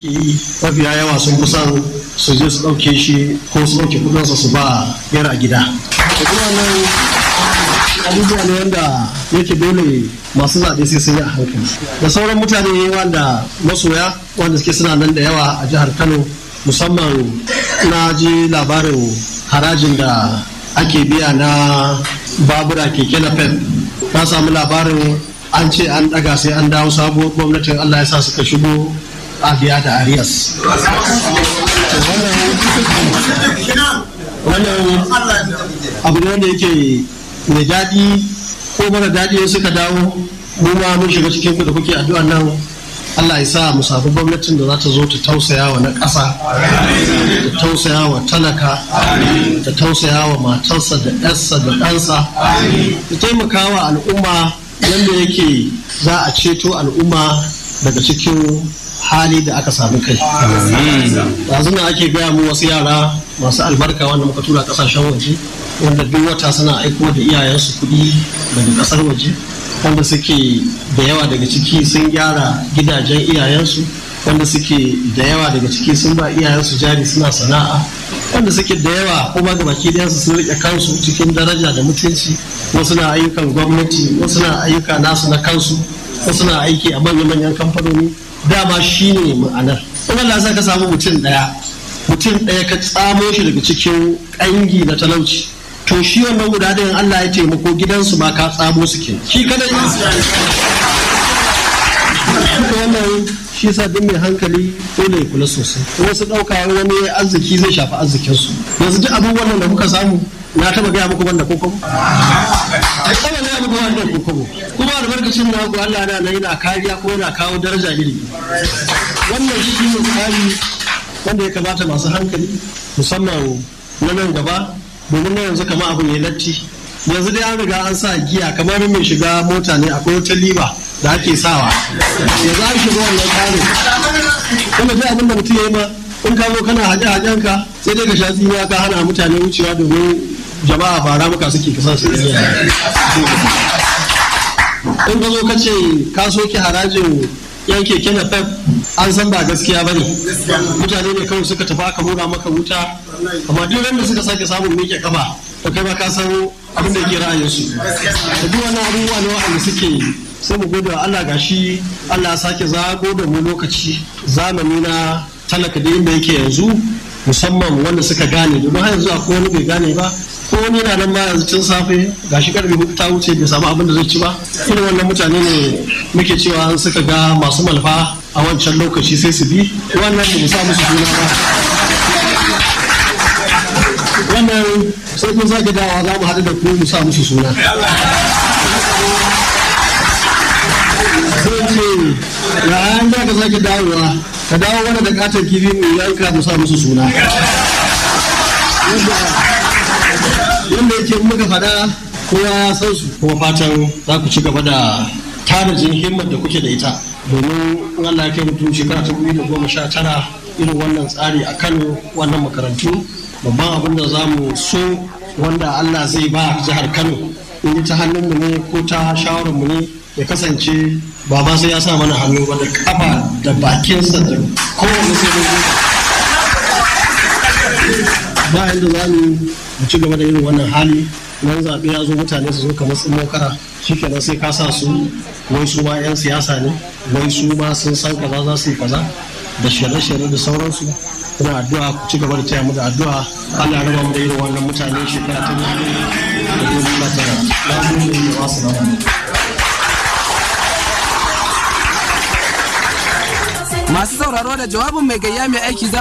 mafiya yawa sun kusan su je su ɗauke shi ko su ɗauke kudinsa su ba a gida da kuma nan abubuwa ne wanda yake dole masu zaɓe sai sun yi a hankali da sauran mutane wanda masoya wanda suke suna nan da yawa a jihar kano musamman na ji labarin harajin da ake biya na babura keke na pep na samu labarin an ce an ɗaga sai an dawo sabuwar gwamnatin allah ya sa suka shigo a biya da arias wannan abu ne wanda yake mai daɗi ko mara daɗi suka dawo mu ma mun shiga cikin da kuke addu'a nan Allah ya sa mu sabu gwamnatin da za ta zo ta tausaya wa na ƙasa ta tausaya wa talaka ta tausaya wa matarsa da ɗansa da ɗansa ta taimaka wa al'umma wanda yake za a ceto al'umma daga cikin hali da aka samu kai yanzu na ake gaya mu wasu yara masu albarka wanda muka tura kasashen waje wanda duk wata suna aiko da iyayensu kuɗi daga ƙasar waje wanda suke da yawa daga ciki sun gyara gidajen iyayensu wanda suke da yawa daga ciki sun ba iyayensu jari suna sana'a wanda suke da yawa kuma ga baki ɗayansu sun riƙe kansu cikin daraja da mutunci wasu na ayyukan gwamnati wasu na ayyuka nasu na kansu wasu na aiki a manya-manyan kamfanoni dama shi ne ma'anar Kuma da sa ka samu mutum ɗaya mutum ɗaya ka tsamo shi daga cikin ƙangi na talauci to shi wannan guda da Allah ya taimako gidansu ma ka tsamo su ke shi kada wannan shi sa duk mai hankali dole ya kula sosai wasu dauka wani arziki zai shafi arzikinsu yanzu duk abubuwan da kuka samu na taba gaya muku banda kokobo? kuma taba albarkacin naku Allah na nan yana kariya ko yana kawo daraja iri wannan shi ne tsari wanda ya kamata masu hankali musamman na nan gaba domin na yanzu kama abu ne latti yanzu dai an riga an sa giya kamar mai shiga mota ne akwai wata liba da ake sawa yanzu an shiga wannan tsarin kuma sai abin da mutum ya yi ma in ka zo kana haƙe ka sai dai ka sha tsina ka hana mutane wucewa domin jama'a fara muka suke kasa su in ka zo ka ce ka harajin yan keke na fef an san ba gaskiya ba ne mutane ne kawai suka tafi aka mura maka wuta amma duk da suka sake samun miƙe kafa to kai ba ka san abin da ke ra'ayinsu da duk wani abubuwa ne wa'anda suke sai mu gode wa Allah gashi Allah sake zago da mu lokaci zamani na talaka da da yake yanzu musamman wanda suka gane domin har yanzu akwai wani bai gane ba ko wani yana nan ma yanzu tun safe gashi karfe hudu ta wuce bai samu abin da zai ci ba irin wannan mutane ne muke cewa an suka ga masu malfa a wancan lokaci sai su bi wannan ba sa musu juna ba wannan sai kun zaka dawa za mu haɗu da ku mu sa musu suna sai ce ya an ka sake dawowa ka dawo wani da katon kifi mu yanka mu sa musu suna yadda yake muka faɗa kowa san su kuma fatan za ku ci gaba da jin himmar da kuke da ita domin wannan ya kai mutum shekara ta biyu da goma sha tara irin wannan tsari a kano wannan makarantu babban abin da za mu so wanda allah zai ba jihar kano in ta hannunmu ne ko ta shawararmu ne ya kasance ba sai ya sa mana hannu ba da kafa da bakinsa da kowane sai ba yadda za mu ci gaba da irin wannan hali nan zaɓe ya zo mutane su zo kamar sun mokara shi kenan sai ka sa su wai su ma 'yan siyasa ne wai su ma sun san kaza za su yi kaza da shirye-shirye da sauransu ina addu'a ku ci gaba da taya mu da addu'a Allah raba mu da irin wannan mutane shekara ta da 2019 da mu ne wasu masu sauraro da jawabin mai gayya mai aiki za